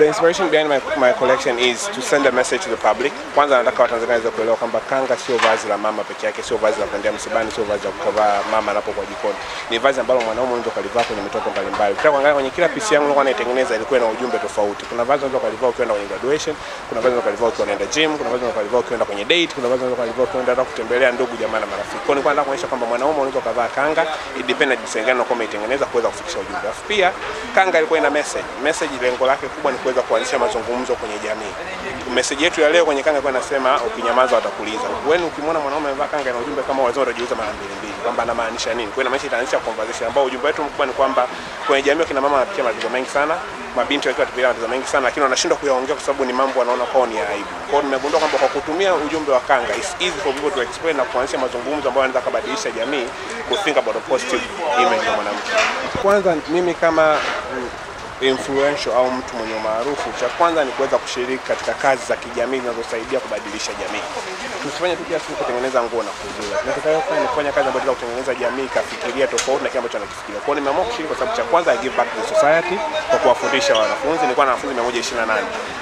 The inspiration behind my, my collection is to send a message to the public. Kwanza nataka Watanzania waweze kuelewa kwamba kanga sio vazi la mama peke yake, sio vazi la kuendea msibani, sio vazi la kuvaa mama anapo kwa jikoni. Ni vazi ambalo mwanaume unaweza kulivaa kwenye mitoko mbalimbali. Kwa kuangalia kwenye kila piece yangu nilikuwa naitengeneza ilikuwa na ujumbe tofauti. Kuna vazi unaweza kulivaa ukiwa kwenye graduation, kuna vazi unaweza kulivaa ukiwa unaenda gym, kuna vazi unaweza kulivaa ukiwa kwenye date, kuna vazi unaweza kulivaa ukiwa unaenda kutembelea ndugu jamaa na marafiki. Kwa nilikuwa nataka kuonyesha kwamba mwanaume unaweza kuvaa kanga, it depends na jinsi gani unakuwa umeitengeneza kuweza kufikisha ujumbe. Pia kanga ilikuwa ina message. Message lengo lake kubwa ni kuweza kuanzisha mazungumzo kwenye jamii. Message yetu ya leo kwenye kanga kwa inasema ukinyamaza watakuuliza. Wewe ukimwona mwanaume amevaa kanga na ujumbe kama wazee watajiuliza mara mbili mbili kwamba anamaanisha nini. Kwa ina maanisha itaanzisha conversation ambao ujumbe wetu mkubwa ni kwamba kwenye jamii kina mama wanapitia matatizo mengi sana, mabinti wakiwa tupia matatizo mengi sana lakini wanashindwa kuyaongea kwa sababu ni mambo wanaona kwao ni aibu. Kwa hiyo nimegundua kwamba kwa kutumia ujumbe wa kanga it's easy for people to explain na kuanzisha mazungumzo ambayo yanaweza kubadilisha jamii ku think about a positive image ya mwanamke. Kwanza mimi kama influential au mtu mwenye maarufu, cha kwanza ni kuweza kushiriki katika kazi za kijamii zinazosaidia kubadilisha jamii. Tusifanye tu kiasi kutengeneza nguo na kuziuza. Tunataka kufanya kufanya kazi ambayo kutengeneza jamii ikafikiria tofauti na kile ambacho anakifikiria. Kwa nimeamua kushiriki kwa sababu cha kwanza I give back to society kwa kuwafundisha wanafunzi. Nilikuwa na wanafunzi 128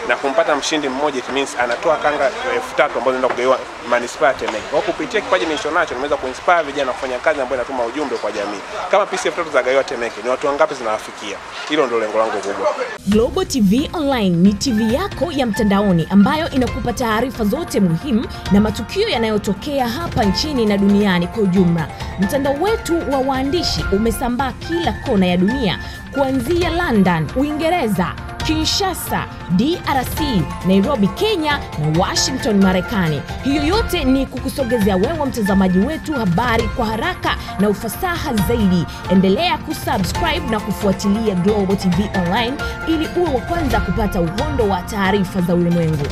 na kumpata mshindi mmoja it means anatoa kanga 3000 ambazo zinaenda kugawiwa manispaa Temeke. Kwa kupitia kipaji nilichonacho nimeweza kuinspire vijana kufanya kazi ambayo inatuma ujumbe kwa jamii. Kama PCF tatu za Gayo Temeke ni watu wangapi zinawafikia? Hilo ndio lengo langu kubwa. Global TV Online ni TV yako ya mtandaoni ambayo inakupa taarifa zote muhimu na matukio yanayotokea hapa nchini na duniani kwa ujumla. Mtandao wetu wa waandishi umesambaa kila kona ya dunia kuanzia London, Uingereza, Kinshasa, DRC, Nairobi, Kenya na Washington, Marekani. Hiyo yote ni kukusogezea wewe mtazamaji wetu habari kwa haraka na ufasaha zaidi. Endelea kusubscribe na kufuatilia Global TV Online ili uwe wa kwanza kupata uhondo wa taarifa za ulimwengu.